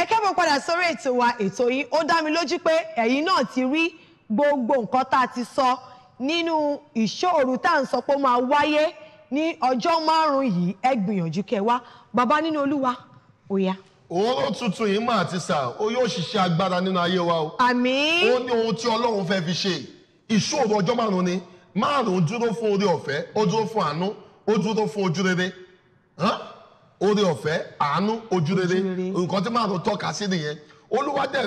ẹ kẹ́bọ̀ padà sórí ètò wa ètò yìí ó dá mi lójú pé ẹ̀yin náà ti rí gbogbo nǹkan tá a ti sọ nínú ìṣòro tá à ń sọ pé ó máa wáyé ní ọjọ́ márùn-ún yìí ẹ gbìyànjú kẹ́ wá bàbá nínú olúwa ó yá òórùn tuntun yìí máa ti sà ó yóò ṣiṣẹ́ agbára nínú ayé wa o. àmín. ó ní ohun tí ọlọ́run fẹ́ fi ṣe ìṣòro ọjọ́ márùn-ún ni márùn-ún dúró fún oore ọ̀fẹ́ ó dúró fún àánú ó dúró fún ojú rere oore ọ̀fẹ́ àánú ojúrere nǹkan tí márùn tọ́ka sí nìyẹn olúwa dẹ̀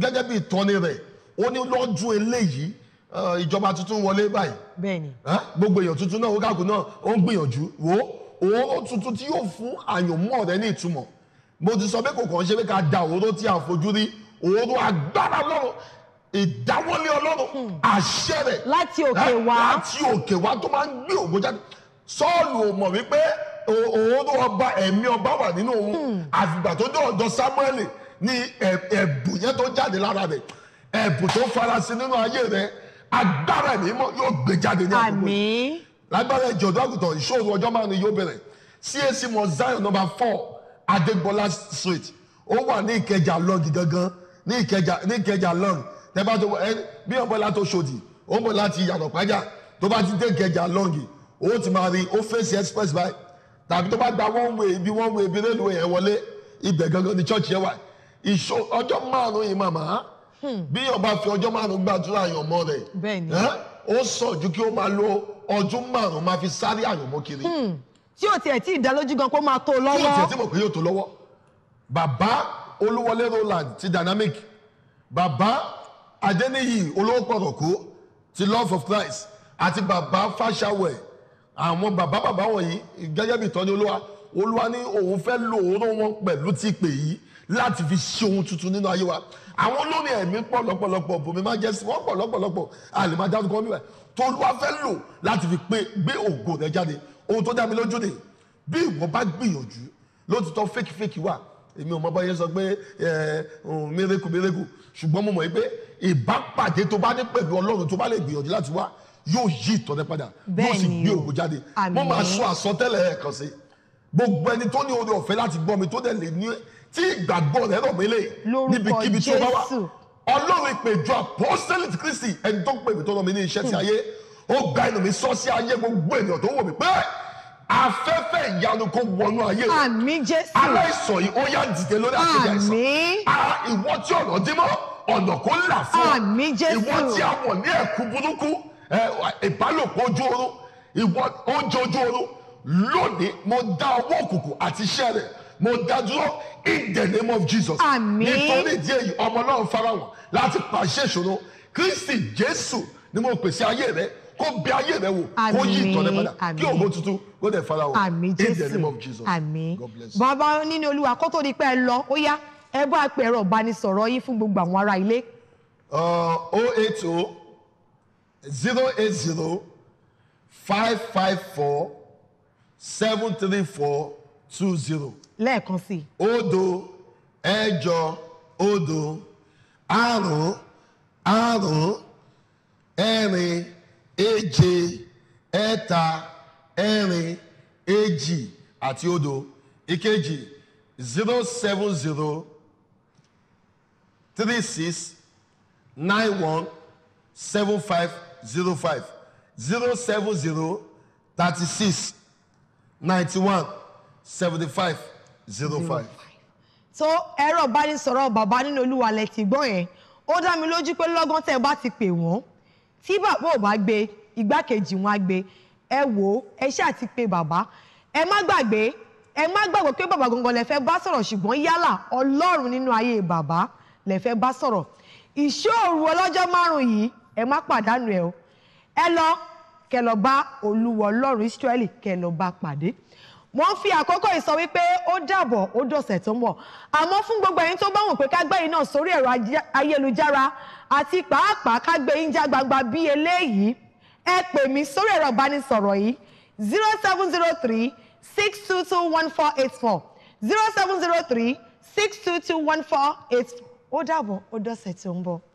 gẹ́gẹ́ bí ìtọ́ni rẹ̀ ó ní lọ́dún eléyìí eh, ìjọba tuntun wọlé báyìí gbogbo èèyàn tuntun náà ó kàkùn náà ó ń gbìyànjú wò ó òórùn tuntun tí yóò fún àyànmọ́ rẹ ní ìtumọ̀ mo ti sọ pé kò kàn ṣe pé ká da òróró tí a fojú rí òróró agbára lọ́rọ̀ ìdáwọ́lé ọlọ́run hmm. àṣẹ rẹ̀ láti òkè wá láti òkè wá tó máa ń gbé ògbó jáde sọ́ọ̀lù ò mọ̀ wípé òun ọba ẹ̀mí ọba wà nínú òun hmm. àfìgbà tó dé ọ̀dọ̀ Samuel ní ẹ̀bùn yẹn tó jáde lára rẹ̀ ẹ̀bùn tó farasin nínú ayé rẹ̀ agbára ẹ̀mí yóò gbé jáde ní àkókò yìí lágbára ìjọ̀dọ̀ àgùntàn ìṣòro ọjọ́ márùn yóò bẹ̀rẹ̀ CAC Mount Zion number four Adégbọlá street ó wà ní Ìkẹjà long gangan ní Ìkẹjà long tẹ́bá tó bí ọ̀bọ̀ látó ṣòdì ó ń bọ̀ láti tó bá ti dé Ìkẹjà long ó ti máa rí ó fèsì express báyìí tàbí tó bá gba one way ibi one way ibi rélùwé yẹn wọlé ibẹ̀ gangan ni church yẹn wà ìṣó ọjọ́ márùn-ún yìí màmá hmm. bí yóò bá fi ọjọ́ márùn-ún gbàdúrà àyànmọ́ rẹ̀ ó sọ ju kí ó máa lo ọdún márùn-ún máa fi sáré àyànmọ́ kiri. Hmm. tí o tiẹ̀ tí ìdálójú gan kó máa tó lọ́wọ́. tí o tiẹ̀ tí mo pè yóò tó lọ́wọ́ bàbá olúwọlé roland ti dynamic bàbá adéníyì olówó pọ̀rọ̀kó ti love of christ àti bàbá fàṣàwẹ̀ àwọn bàbá bàbá wọ̀nyí gẹ́gẹ́ bí ìtọ́ni olúwa olúwa ní òun fẹ́ lo òórùn wọn pẹ̀lú ti pè yìí láti fi ṣe ohun tuntun nínú ayé wa àwọn olórin ẹ̀mí pọ̀ lọ́pọ̀lọpọ̀ bùnmi máa jẹ́ sí wọ́n pọ̀ lọ́pọ̀lọpọ̀ àlè máa dáhùn kan bíbẹ̀ tó olúwa fẹ́ lò láti fi pé gbé ògo rẹ̀ jáde ohun tó dá mi lójú ni bí ìwọ bá gbìyànjú lótìtọ́ fake fake wà èmi ò mọ bá yẹn sọ pé miracle miracle ṣùgbọ́n mo mọ̀ pé ìbápàdé tó bá ní pẹ̀lú ọlọ́run tó bá lè gbìyànjú láti wá yóò yí ìtọ́rẹ padà yóò sì gbé ògo jáde mo máa sọ àsọtẹ́lẹ̀ ẹ̀ kan sí gbogbo ẹni tó ní oore ọ̀fẹ́ láti gbọ́ mi tó dẹ̀ lè ní tí ìgbàgbọ́ rẹ̀ rọ̀ mí lè níbikíbi tí ó bá wà ọlọ́run ìpèjọ apostolic Christi ẹni tó pè mí tó rán mi ní iṣẹ́ sí ayé ó gba ẹnu mi sọ sí ayé gbogbo ènìyàn tó wò mí pé afẹ́fẹ́ ìyanu kò wọnú ayé rẹ̀ àmín Jésù aláìsàn yìí ó yá dìde lórí àtẹ̀jẹ́ àìsàn àmín ìwọ tí ọ̀nà dímọ́ ọ̀nà kò là fún ọ àmín Jésù ìwọ tí a wọ̀ ní ẹ̀kú burúkú ìbálòpọ̀ ojú oorun ìwọ oúnjẹ ojú oorun lónìí mo dá ọwọ́ òkùnkùn àti iṣẹ́ rẹ̀ mo dá dúró in the name of Jesus. àmín nítorí díẹ̀ yìí ọmọ náà farahàn láti pàṣẹ ìṣòro Kristi Jésù ni mo pèsè ayé rẹ kó bí ayé rẹ wò kó yí ìtọ́lẹ̀ padà kí ògo tuntun kó dẹ̀ farahàn àmín in the name of Jesus. àmín bàbá nínú Olúwa kó tó di pé ẹ lọ ó yá ẹ bá pẹ̀rọ ìbánisọ̀rọ̀ yín fún gbogbo àwọn ará ilé. 080 uh, Zero zero eight five five four seven three 080 554 73420. lẹ́ẹ̀kan sí i. òdo ẹ̀jọ òdo àrún àrún ẹ̀rin èje ẹ̀ta ẹ̀rin èjì àti òdo ìkejì zero seven zero three six nine one seven five zero five zero seven zero thirty six ninety one seventy five zero five. tó ẹ̀rọ ìbánisọ̀rọ̀ bàbá nínú olúwa lẹ ti gbọ́ yẹn ó dá mi lójú pé lọ́gán tẹ́ ẹ bá ti pè wọ́n tí bàbá ò bá gbé igbákejì wọn á gbé ẹ wò ó ẹ ṣáà ti pe bàbá ẹ má gbàgbé ẹ má gbàgbọ́ pé bàbá gangan lẹ fẹ́ bá sọ̀rọ̀ ṣùgbọ́n yálà ọlọ́run nínú ayé bàbá lẹ fẹ́ bá sọ̀rọ̀ ìṣòro ọlọ́jọ́ márùn-ún yìí ẹ má pàdánù ẹ o ẹ lọ kẹ lọ bá olúwa ọlọ́run Ísírẹ́lì kẹ lọ bá pàdé mo ń fi àkókò ìsọ wípé ó dàbọ̀ ó dọ̀sẹ̀ tó ń bọ̀ àmọ́ fún gbogbo ẹ̀yin tó bá wù pé ká gbé náà sórí ẹ̀rọ ayélujára àti pàápàá ká gbé já gbangba bí eléyìí ẹ pè mí sórí ẹ̀rọ ìbánisọ̀rọ̀ yìí zero seven zero three six two two one four eight four zero seven zero three six two two one four eight four ó dàbọ̀ ó dọ̀sẹ̀ tó ń bọ̀.